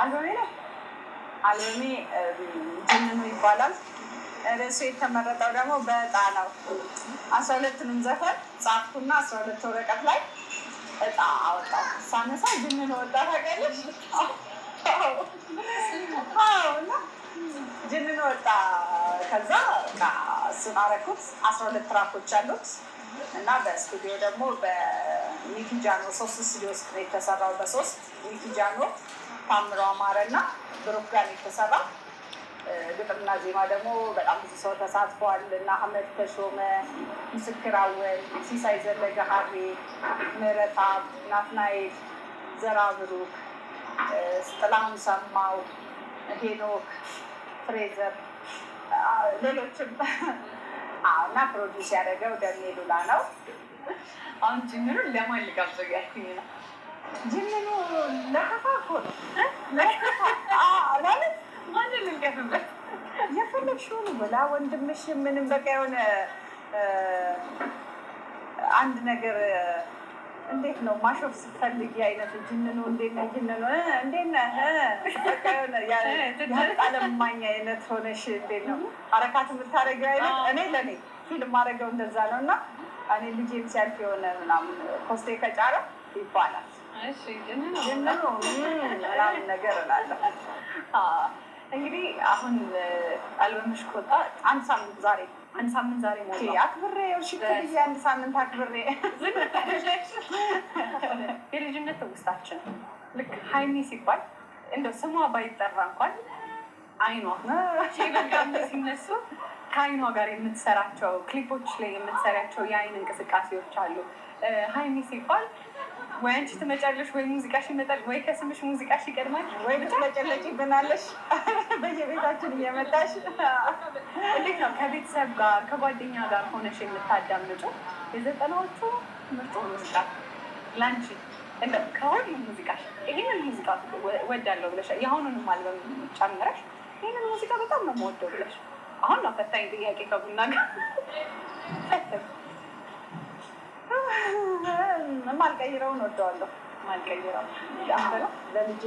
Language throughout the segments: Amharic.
አልበሜ ነው። አልበሜ ጅንኑ ይባላል። ርዕሱ የተመረጠው ደግሞ በእጣ ነው። አስራ ሁለቱንም ዘፈን ጻፍኩና አስራ ሁለት ወረቀት ላይ እጣ አወጣሁ። ሳነሳ ጅንኑ ወጣ። ታውቂያለሽ? እና ጅንኑ ወጣ። ከዛ እሱን አደረኩት። አስራ ሁለት ትራኮች አሉት እና በስቱዲዮ ደግሞ በሚኪጃኖ ሶስት ስቱዲዮ ውስጥ የተሰራው። በሶስት ሚኪጃኖ ታምሮ አማረ እና ብሩክ ጋር የተሰራ ግጥምና ዜማ ደግሞ በጣም ብዙ ሰው ተሳትፏል እና አህመድ ተሾመ፣ ምስክር አወል፣ ሲሳይ ዘለገ፣ ሀቤ ምረታ፣ ናትናኤል ዘራ፣ ብሩክ ሰማው ሄኖክ፣ ፍሬዘር ሌሎችም እና ፕሮዲስ ያደረገው ደሜ ሉላ ነው። አሁን ጅምሩን ለማን ልጋብዘው ያልኩኝ ነው። ጅንኑ ለከፋ እኮ ነው ማለት ማንም የፈለግሽውን ብላ ወንድምሽ ምንም በቃ የሆነ አንድ ነገር እንዴት ነው ማሾፍ ስትፈልጊ አይነት ጅንኑ እንዴት ነው ጅንኑ እንዴት ነህ ያለማኝ አይነት ሆነሽ እንዴት ነው አረካት የምታደርጊው አይነት እኔ ለእኔ ፊልም አደረገው እንደዛ ነው እና እኔ ልጄም ሲያልፍ የሆነ ምናምን ኮስቴ ከጫረ ይባላል። ድንኑ ምናምን ነገር እላለሁ። እንግዲህ አሁን አልበምሽ ከወጣ አንድ ሳምንት ዛሬ አንድ ሳምንት ዛሬ ሞላ። አክብሬ ሽክ ጊዜ አንድ ሳምንት አክብሬ የልጅነት ትውስታችን ልክ ሀይሚ ሲባል እንደ ስሟ ባይጠራ እንኳን አይኗ ጋር ሲነሱ ከአይኗ ጋር የምትሰራቸው ክሊፖች ላይ የምትሰሪያቸው የአይን እንቅስቃሴዎች አሉ። ሀይሚ ሲባል ወይ አንቺ ትመጫለሽ፣ ወይ ሙዚቃሽ ይመጣል፣ ወይ ከስምሽ ሙዚቃሽ ይቀድማል፣ ወይ ልትመጨለጭ ይብናለሽ በየቤታችን እየመጣሽ። እንዴት ነው ከቤተሰብ ጋር ከጓደኛ ጋር ሆነሽ የምታዳምጩ የዘጠናዎቹ ምርጡ ሙዚቃ ለአንቺ ከሁሉም ሙዚቃሽ ይህንን ሙዚቃ ወዳለው ብለሻል፣ የአሁኑንም አልበም ጨምረሽ ይህንን ሙዚቃ በጣም ነው የምወደው ብለሽ አሁን ነው ፈታኝ ጥያቄ ከቡና ጋር ማልቀይረውን ወደዋለሁ። ማልቀይረው ለልጄ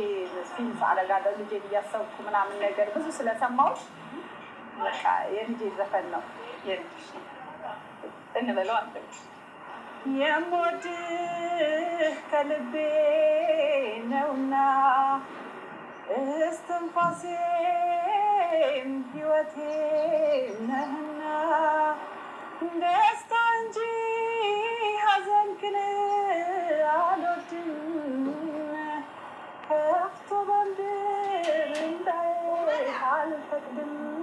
ፊልም አደጋ ለልጄ እያሰብኩ ምናምን ነገር ብዙ ስለሰማሁት የልጄ ዘፈን ነው እንበለው። አንተ የምወድህ ከልቤ ነውና እስትንፋሴ ህይወቴ ነህና ደስታ እንጂ ሐዘንክን አልወድም። ከፍቶ በምድር እንዳይ አልፈቅድም